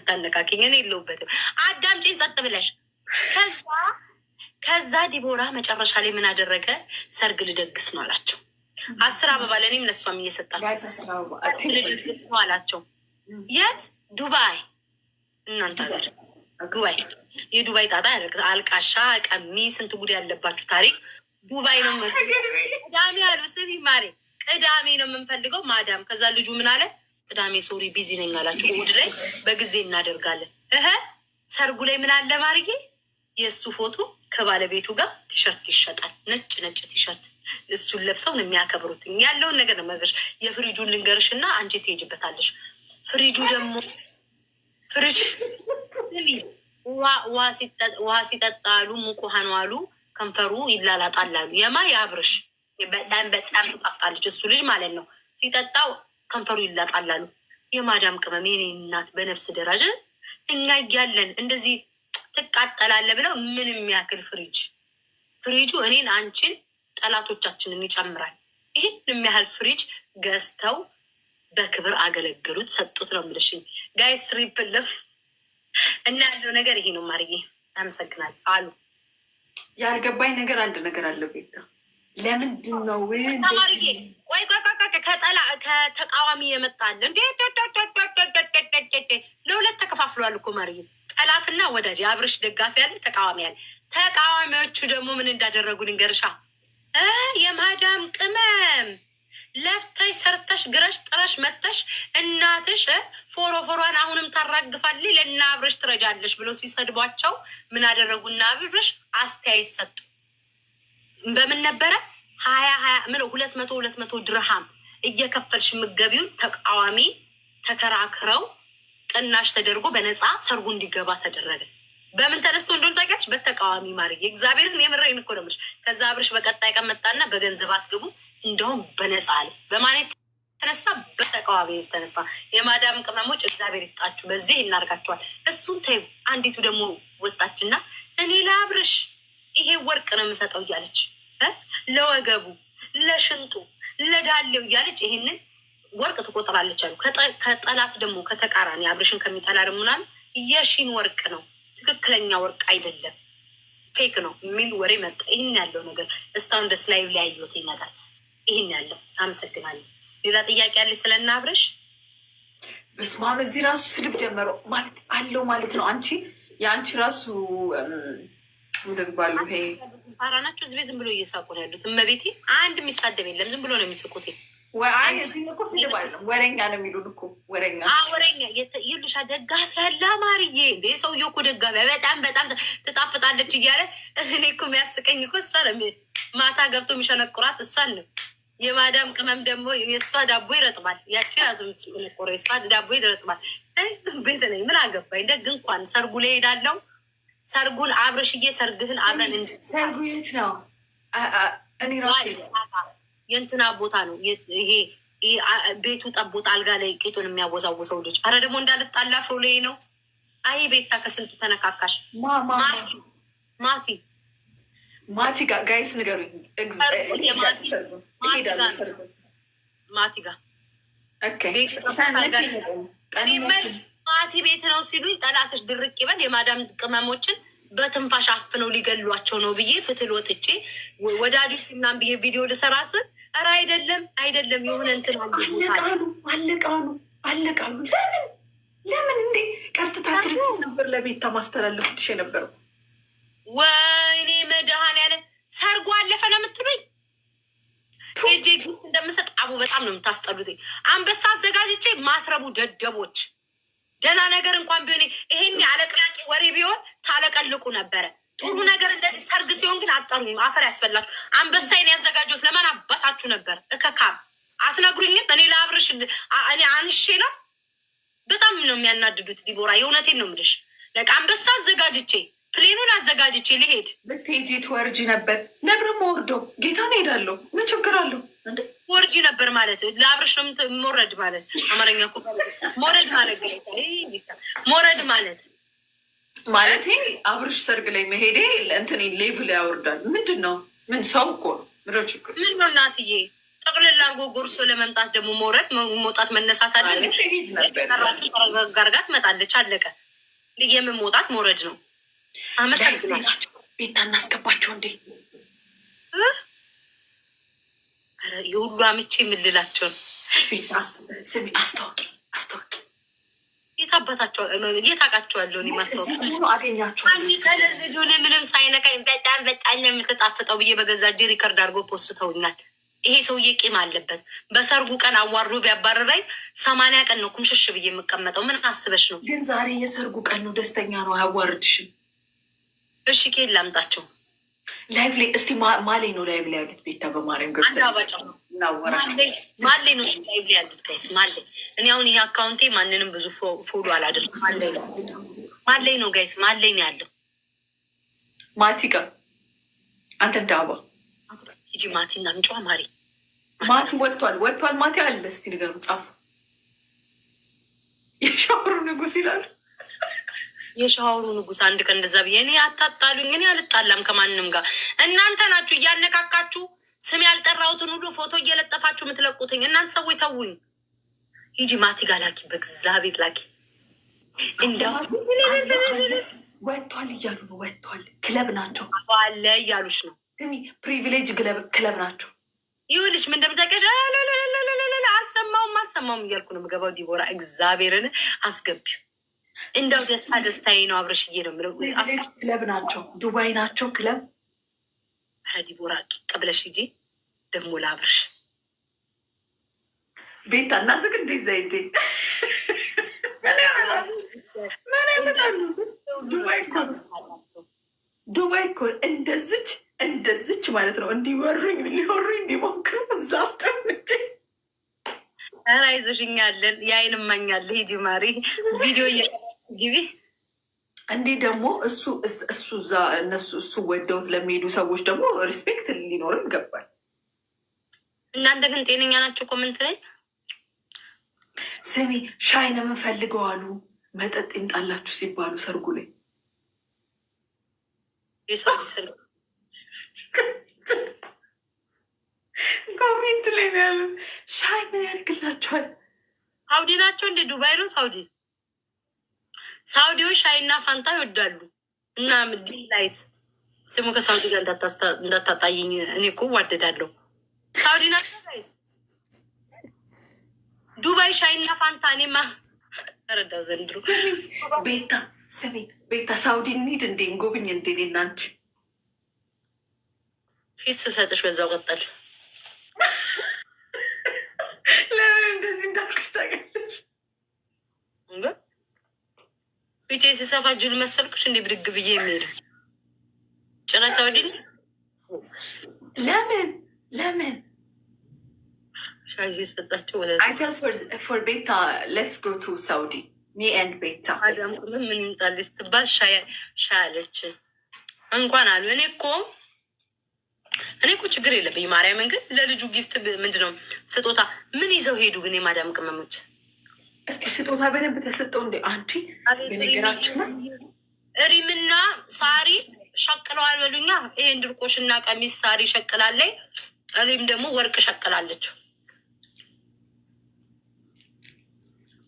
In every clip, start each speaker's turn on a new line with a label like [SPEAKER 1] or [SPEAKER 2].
[SPEAKER 1] ስታነቃቂኝ እኔ የለሁበትም። አዳምጪኝ ጸጥ ብለሽ። ከዛ ከዛ ዲቦራ መጨረሻ ላይ ምን አደረገ? ሰርግ ልደግስ ነው አላቸው። አስር አበባ ለእኔም ለእሷም እየሰጣቸው ልደግስ ነው አላቸው። የት ዱባይ፣ እናንተ ሀገር ዱባይ። የዱባይ ጣጣ ያደርግ አልቃሻ ቀሚ፣ ስንት ጉድ ያለባችሁ ታሪክ። ዱባይ ነው ቅዳሜ አሉ። ስሚ ማሬ፣ ቅዳሜ ነው የምንፈልገው ማዳም። ከዛ ልጁ ምን አለ ቅዳሜ ሶሪ ቢዚ ነኝ አላቸው። እሑድ ላይ በጊዜ እናደርጋለን። እህ ሰርጉ ላይ ምን አለ ማርዬ፣ የእሱ ፎቶ ከባለቤቱ ጋር ቲሸርት ይሸጣል። ነጭ ነጭ ቲሸርት እሱን ለብሰው ነው የሚያከብሩት። ያለውን ነገር ነው መግረሽ። የፍሪጁን ልንገርሽ እና አንቺ ትሄጂበታለሽ። ፍሪጁ ደግሞ ፍሪጅ ውሃ ሲጠጣሉ አሉ ሙቁሃን አሉ ከንፈሩ ይላላጣላሉ። የማ ያብርሽ በጣም በጣም ትጣፍጣለች እሱ ልጅ ማለት ነው ሲጠጣው ከንፈሩ ይላጣላሉ። የማዳም ቅመም የኔ እናት በነፍስ ደረጃ እኛ እያለን እንደዚህ ትቃጠላለ ብለው ምን የሚያክል ፍሪጅ ፍሪጁ እኔን አንቺን ጠላቶቻችንን ይጨምራል። ይህን የሚያህል ፍሪጅ ገዝተው በክብር አገለገሉት፣ ሰጡት ነው የምልሽኝ። ጋይስ ሪፕልፍ እና ያለው ነገር ይሄ ነው። ማርዬ አመሰግናል። አሉ
[SPEAKER 2] ያልገባኝ ነገር አንድ ነገር አለው ቤታ፣ ለምንድን ነው ወይ
[SPEAKER 1] ከተቃዋሚ የመጣለ እንዴ ለሁለት ተከፋፍሏል እኮ መሪ ጠላትና ወዳጅ፣ የአብርሽ ደጋፊ ያለ ተቃዋሚ ያለ። ተቃዋሚዎቹ ደግሞ ምን እንዳደረጉ ልንገርሻ። የማዳም ቅመም ለፍተሽ ሰርተሽ ግረሽ ጥረሽ መጥተሽ እናትሽ ፎሮፎሯን አሁንም ታራግፋለች ለና አብርሽ ትረጃለሽ ብሎ ሲሰድቧቸው ምን አደረጉ? እነ አብርሽ አስተያየት ሰጡ። በምን ነበረ ሀያ ሀያ ምለው ሁለት መቶ ሁለት መቶ ድርሃም እየከፈልሽ ምገቢውን ተቃዋሚ ተከራክረው ቅናሽ ተደርጎ በነፃ ሰርጉ እንዲገባ ተደረገ። በምን ተነስቶ እንደሆነ ታውቂያለሽ? በተቃዋሚ ማርዬ፣ እግዚአብሔርን የምሬን እኮ ነው የምልሽ። ከዛ አብርሽ በቀጣይ ቀን መጣና በገንዘብ አትግቡ እንደውም በነፃ አለ። በማን የተነሳ? በተቃዋሚ የተነሳ። የማዳም ቅመሞች እግዚአብሔር ይስጣችሁ፣ በዚህ እናርጋችኋል። እሱን ተይው። አንዲቱ ደግሞ ወጣችና እኔ ለአብርሽ ይሄ ወርቅ ነው የምሰጠው እያለች ለወገቡ ለሽንጡ ለዳሌው እያለች ይሄንን ወርቅ ትቆጥራለች አሉ። ከጠላት ደግሞ ከተቃራኒ አብርሽን ከሚጠላ ደግሞ የሺን ወርቅ ነው ትክክለኛ ወርቅ አይደለም ፌክ ነው የሚል ወሬ መጣ። ይህን ያለው ነገር እስካሁን ደስ ላይ ሊያየት ይመጣል። ይህን ያለው አመሰግናለሁ። ሌላ ጥያቄ ያለ ስለና አብርሽ
[SPEAKER 2] በስማም እዚህ ራሱ ስድብ ጀመረው ማለት አለው ማለት ነው። አንቺ የአንቺ ራሱ ይደግባሉ።
[SPEAKER 1] ፋራ ናቸው። እዚህ ቤት ዝም ብሎ እየሳቁ ነው ያሉት። እመቤቴ አንድ የሚሳደብ የለም። ዝም ብሎ ነው የሚስቁት።
[SPEAKER 2] ወረኛ ደጋፊ ያለ
[SPEAKER 1] እኮ ደጋፊ በጣም በጣም ትጣፍጣለች እያለ እኔ እኮ የሚያስቀኝ እኮ እሷ ነው። ማታ ገብቶ የሚሸነቁራት ነው። የማዳም ቅመም ደግሞ የእሷ ዳቦ ይረጥባል። ያቺ ያዙ የእሷ ዳቦ ይረጥባል። ቤት ነኝ ምን አገባኝ። ደግ እንኳን ሰርጉ ላይ ሄዳለው ሰርጉን አብረሽዬ ሰርግህን አብረን
[SPEAKER 2] ሰርጉ የት ነው? እኔ
[SPEAKER 1] የእንትና ቦታ ነው ይሄ ቤቱ ጠቦት አልጋ ላይ ቂጡን የሚያወዛውሰው ልጅ። አረ ደግሞ እንዳልጣላ ሾሌ ነው። አይ ቤታ ከስንቱ ተነካካሽ። ማቲ
[SPEAKER 2] ማቲ ጋ ጋይስ ንገሩኝ።
[SPEAKER 1] ማቲ ጋር ማቲ ቤት ነው ሲሉኝ ጠላትሽ ድርቅ ይበል። የማዳም ቅመሞችን በትንፋሽ አፍነው ሊገሏቸው ነው ብዬ ፍትል ወጥቼ ወዳጆች ምናምን ብዬ ቪዲዮ ልሰራ ስል ኧረ አይደለም አይደለም የሆነ እንትን
[SPEAKER 2] አለቃሉ አለቃሉ አለቃሉ። ለምን ለምን እንዴ ቀጥታ ስርጭት ነበር ለቤታ ማስተላለፍ ትሽ የነበረው
[SPEAKER 1] ወይኔ መድኃኒዓለም ሰርጎ አለፈ ነው የምትሉኝ? ጄ እንደምሰጥ አቡ በጣም ነው የምታስጠሉት። አንበሳ አዘጋጅቼ ማትረቡ ደደቦች ደህና ነገር እንኳን ቢሆን ይሄን አለቅላቂ ወሬ ቢሆን ታለቀልቁ ነበረ። ጥሩ ነገር እንደዚህ ሰርግ ሲሆን ግን አጠሩኝ። አፈር ያስበላችሁ። አንበሳይን ያዘጋጁት ለማን አባታችሁ ነበር? እከካም አትነግሩኝም። እኔ ለአብርሽ እኔ አንሼ ነው። በጣም ነው የሚያናድዱት። ዲቦራ የእውነቴን ነው የምልሽ። በቃ አንበሳ አዘጋጅቼ ፕሌኑን አዘጋጅቼ ልሄድ
[SPEAKER 2] ብትሄጂ ትወርጂ ነበር። ነብረማ ወርዶ ጌታ ነው ሄዳለሁ። ምን ችግር አለው?
[SPEAKER 1] ወርጂ ነበር ማለት ለአብረሽ ነው ሞረድ ማለት አማርኛ ሞረድ ማለት ሞረድ ማለት
[SPEAKER 2] ማለት አብረሽ ሰርግ ላይ መሄዴ እንትን ሌቭል ያወርዳል። ምንድን ነው ምን ሰው እኮ ነው ችግር
[SPEAKER 1] ምን ነው እናትዬ፣ ጠቅልል አድርጎ ጎርሶ ለመምጣት ደግሞ መውረድ መውጣት መነሳት አለ። ጋርጋ ትመጣለች አለቀ። የምን መውጣት መውረድ ነው? አመሳ
[SPEAKER 2] ቤታ እናስገባቸው እንዴ
[SPEAKER 1] የሁሉ አምቼ የምልላቸው ነው።
[SPEAKER 2] አስታወቂ አስታወቂ
[SPEAKER 1] ጌታ አባታቸው ጌታ አውቃቸዋለሁ።
[SPEAKER 2] ማስታወቂያልጁን
[SPEAKER 1] ምንም ሳይነካኝ በጣም በጣም የምትጣፍጠው ብዬ በገዛ እጄ ሪከርድ አድርጎ ፖስተውኛል። ይሄ ሰውዬ ቂም አለበት። በሰርጉ ቀን አዋርዶ ቢያባረራኝ ሰማንያ ቀን ነው ኩምሽሽ ብዬ የምቀመጠው። ምን አስበሽ ነው?
[SPEAKER 2] ግን ዛሬ የሰርጉ ቀን ነው። ደስተኛ ነው። አያዋርድሽም።
[SPEAKER 1] እሺ ኬ ላምጣቸው
[SPEAKER 2] ላይቭ ላይ እስቲ ማሌ ነው ላይቭ ላይ ያሉት ቤታ በማርያም
[SPEAKER 1] ገብ ማሌ ነው ላይቭ ላይ ያሉት ማሌ። እኔ አሁን ይሄ አካውንቴ ማንንም ብዙ ፎሎ አላደርግም። ማሌ ነው ማሌ ነው ጋይስ ማሌ ነው ያለው።
[SPEAKER 2] ማቲ አንተ ዳባ
[SPEAKER 1] ሂጂ ማቲ እና ምጫዋ ማሪ
[SPEAKER 2] ማቲ ወጥቷል፣ ወጥቷል ማቲ አለ። እስቲ ንገሩ ጻፉ። የሻወሩ ንጉስ ይላሉ
[SPEAKER 1] የሻወሩ ንጉስ አንድ ቀን እንደዛ ብዬ እኔ አታጣሉኝ። እኔ አልጣላም ከማንም ጋር። እናንተ ናችሁ እያነካካችሁ ስም ያልጠራሁትን ሁሉ ፎቶ እየለጠፋችሁ የምትለቁትኝ እናንተ ሰዎች ተውኝ። ሂጂ ማቲ ጋ ላኪ፣ በእግዚአብሔር ላኪ።
[SPEAKER 2] ወጥቷል እያሉ ነው። ወጥቷል ክለብ ናቸው
[SPEAKER 1] አለ እያሉሽ ነው።
[SPEAKER 2] ስሚ ፕሪቪሌጅ ክለብ ናቸው።
[SPEAKER 1] ይኸውልሽ ምን እንደምታውቂያለሽ። አልሰማውም አልሰማውም እያልኩ ነው የምገባው። ዲቦራ እግዚአብሔርን አስገቢው እንደው ደስታ ደስታዬ ነው። አብረሽዬ ነው የምለው።
[SPEAKER 2] ክለብ ናቸው፣ ዱባይ ናቸው ክለብ።
[SPEAKER 1] ኧረ ዲቦራ ቀብለሽ ብለሽ ሂጂ ደግሞ ለአብረሽ
[SPEAKER 2] ቤት አናዝግ እንዴ ዘይዴ ዱባይ እኮ እንደዝች እንደዝች ማለት ነው። እንዲወሩኝ ሊወሩኝ እንዲሞክሩ እዛ አስጠምጬ
[SPEAKER 1] አይዞሽ፣ እኛ አለን የአይን እማኛለሁ። ሂጂ ማሪ ቪዲዮ ጊዜ
[SPEAKER 2] እንዲህ ደግሞ እሱ እሱ እዛ እነሱ እሱ ወደውት ለሚሄዱ ሰዎች ደግሞ ሪስፔክት ሊኖርም ይገባል።
[SPEAKER 1] እናንተ ግን ጤነኛ ናቸው። ኮመንት ላይ
[SPEAKER 2] ስሚ ሻይ ነው የምንፈልገው አሉ መጠጥ ይምጣላችሁ ሲባሉ ሰርጉ ላይ ኮሜንት ላይ ያሉ ሻይ ምን ያደርግላቸዋል?
[SPEAKER 1] ሳውዲ ናቸው እንደ ዱባይ ነው ሳውዲ ሳውዲዎች ሻይና ፋንታ ይወዳሉ እና ምድል ደግሞ ከሳውዲ ጋር እንዳታጣይኝ፣ እኔ እኮ ዋደዳለሁ ሳውዲ ና ዱባይ ሻይና ፋንታ። እኔማ ተረዳው ዘንድሮ
[SPEAKER 2] ቤታ ስሜት ቤታ ሳውዲ እንሂድ እንዴ እንጎብኝ እንዴ እናንቺ
[SPEAKER 1] ፊት ስሰጥሽ በዛው ቀጠል ቤቴ ስሰፋ ጅል መሰልኩሽ እንዴ? ብድግ ብዬ የሚሄድ ጭራሽ ሰው
[SPEAKER 2] ለምን ለምን ሻይ ወደ ፎር ቤታ ሌትስ ጎ ቱ ሳውዲ ሚ ኤንድ ቤታ
[SPEAKER 1] አዳም ምን ስትባል አለች። እንኳን አሉ እኔ እኮ እኔ እኮ ችግር የለብኝ። ማርያምን ግን ለልጁ ጊፍት ምንድነው ስጦታ ምን ይዘው ሄዱ ግን የማዳም ቅመሞች
[SPEAKER 2] እስኪ ስጦታ በደንብ ተሰጠው እንደ አንቺ
[SPEAKER 1] በነገራችን ሪምና ሳሪ ሸቅለዋል በሉኛ። ይሄን ድርቆሽና ቀሚስ ሳሪ ሸቅላለይ፣ ሪም ደግሞ ወርቅ ሸቅላለች።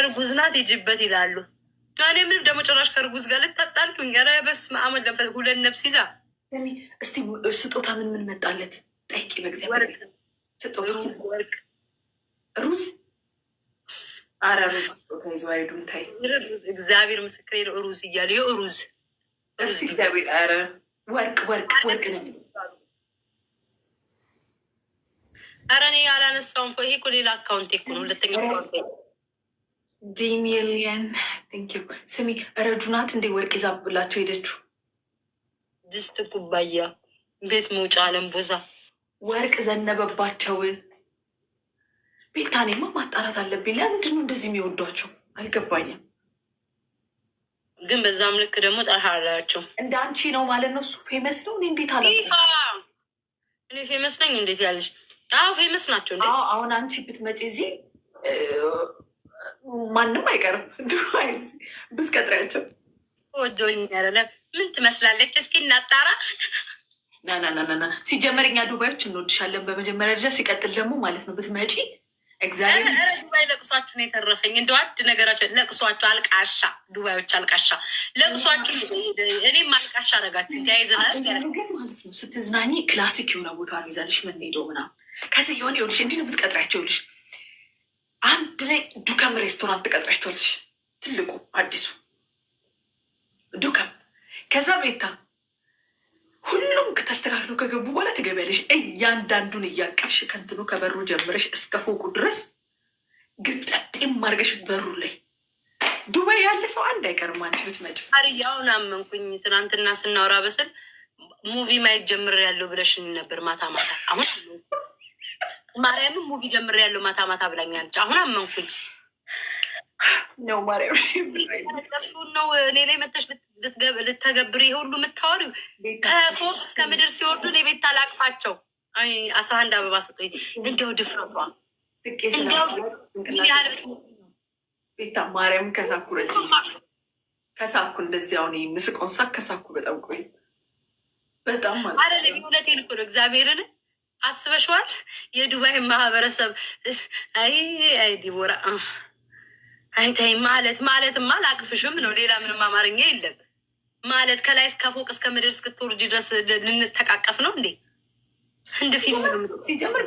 [SPEAKER 1] እርጉዝ ናት ይጅበት ይላሉ። እኔ ምንም ደግሞ ጭራሽ ከእርጉዝ ጋር ልታጣልኩኝ? ኧረ በስመ አብ ለበት ሁለት ነፍስ ይዛ።
[SPEAKER 2] እስቲ ስጦታ ምን ምን መጣለት ጠይቂ። በእግዚአብሔር ስጦታ ወርቅ ሩዝ አረ ሩዝ ስጦታ ይዞ አይዱም። ታይ
[SPEAKER 1] እግዚአብሔር ምስክር ነው። ሩዝ እያለ ይኸው ሩዝ
[SPEAKER 2] እስቲ እግዚአብሔር አረ ወርቅ ወርቅ ወርቅ ነው።
[SPEAKER 1] አረ እኔ ይሄ እኮ ሌላ አካውንቴ እኮ ነው። ሁለተኛ
[SPEAKER 2] ዲሚሊየን ቴንክ ዩ። ስሚ ረጁናት እንዴ ወርቅ ይዛብላቸው ሄደችው።
[SPEAKER 1] ድስት ኩባያ ቤት መውጫ አለምቦዛ
[SPEAKER 2] ወርቅ ዘነበባቸው። ቤታኔማ ማጣራት አለብኝ። ለምንድን ነው እንደዚህ የሚወዷቸው አልገባኝም።
[SPEAKER 1] ግን በዛም ልክ ደግሞ ጠርሃ ጠላላቸው።
[SPEAKER 2] እንደ አንቺ ነው ማለት ነው። እሱ ፌመስ ነው። እኔ እንዴት አለ
[SPEAKER 1] እኔ ፌመስ ነኝ እንዴት ያለች? አዎ ፌመስ ናቸው እንዴ።
[SPEAKER 2] አሁን አንቺ ብትመጪ እዚህ ማንም አይቀርም። ድሮ ብትቀጥሪያቸው
[SPEAKER 1] ወዶኝ ያለ ምን ትመስላለች? እስኪ እናጣራ
[SPEAKER 2] ናናናና። ሲጀመር እኛ ዱባዮች እንወድሻለን በመጀመሪያ ደረጃ፣ ሲቀጥል ደግሞ ማለት ነው ብትመጪ እግዚአብሔር
[SPEAKER 1] ዱባይ ለቅሷችሁ ነው የተረፈኝ። እንደ አንድ ነገራቸው ለቅሷችሁ አልቃሻ ዱባዮች አልቃሻ ለቅሷችሁ እኔም አልቃሻ አረጋችሁ ተያይዘናል።
[SPEAKER 2] ማለት ነው ስትዝናኝ ክላሲክ የሆነ ቦታ ነው ይዛልሽ ምን ሄደው ምናምን ከዚ የሆነ ይኸውልሽ እንዲህ ነው የምትቀጥሪያቸው ይኸውልሽ አንድ ላይ ዱከም ሬስቶራንት ትቀጥሪያቸዋለሽ። ትልቁ አዲሱ ዱከም ከዛ ቤታ ተስተካክሎ ከገቡ በኋላ ትገቢያለሽ። እያንዳንዱን እያቀፍሽ ከንትኑ ከበሩ ጀምረሽ እስከ ፎቁ ድረስ ግጠጤም አድርገሽ በሩ ላይ ዱባይ ያለ ሰው አንድ አይቀርም። አንቺ ብትመጪ
[SPEAKER 1] አርያውን አመንኩኝ። ትናንትና ስናወራ በስል ሙቪ ማየት ጀምር ያለው ብለሽን ነበር ማታ ማታ። አሁን ማርያምን ሙቪ ጀምር ያለው ማታ ማታ ብላኛለች። አሁን አመንኩኝ። ነው ማርያምጠፉን ነው እኔ ላይ መተሽ ልተገብር ይሄ ሁሉ የምታወሪው ከፎቅ እስከ ምድር ሲወርዱ እኔ ቤት ታላቅፋቸው አስራ አንድ አበባ ስጡኝ። እንዲያው ድፍረቷ
[SPEAKER 2] ቤታ ማርያም ከሳኩ ከሳኩ እንደዚህ አሁን የምስቀውን ሳ ከሳኩ በጣም ቆይ በጣም ማለት
[SPEAKER 1] አይደለም። የእውነቴን እኮ ነው እግዚአብሔርን አስበሽዋል። የዱባይን ማህበረሰብ አይ አይ ዲቦራ አይተይ ማለት ማለት ማ አላቅፍሽም ነው። ሌላ ምንም አማርኛ የለም ማለት ከላይ እስከ ፎቅ እስከ ምድር እስክትወርድ ድረስ ልንተቃቀፍ ነው እንዴ? እንደ ፊልም ነው።